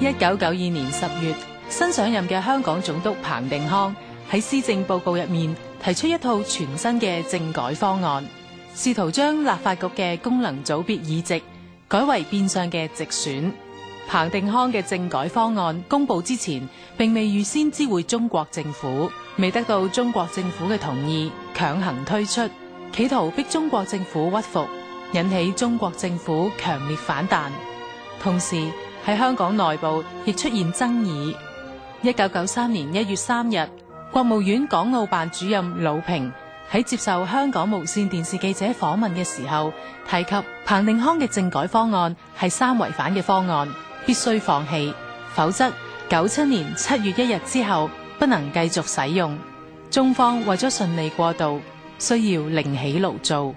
一九九二年十月，新上任嘅香港總督彭定康喺施政報告入面提出一套全新嘅政改方案，試圖將立法局嘅功能組別議席改為變相嘅直選。彭定康嘅政改方案公布之前，並未預先知會中國政府，未得到中國政府嘅同意，強行推出，企圖逼中國政府屈服，引起中國政府強烈反彈。同時。喺香港內部亦出現爭議。一九九三年一月三日，國務院港澳辦主任魯平喺接受香港無綫電視記者訪問嘅時候，提及彭定康嘅政改方案係三違反嘅方案，必須放棄，否則九七年七月一日之後不能繼續使用。中方為咗順利過渡，需要另起爐灶。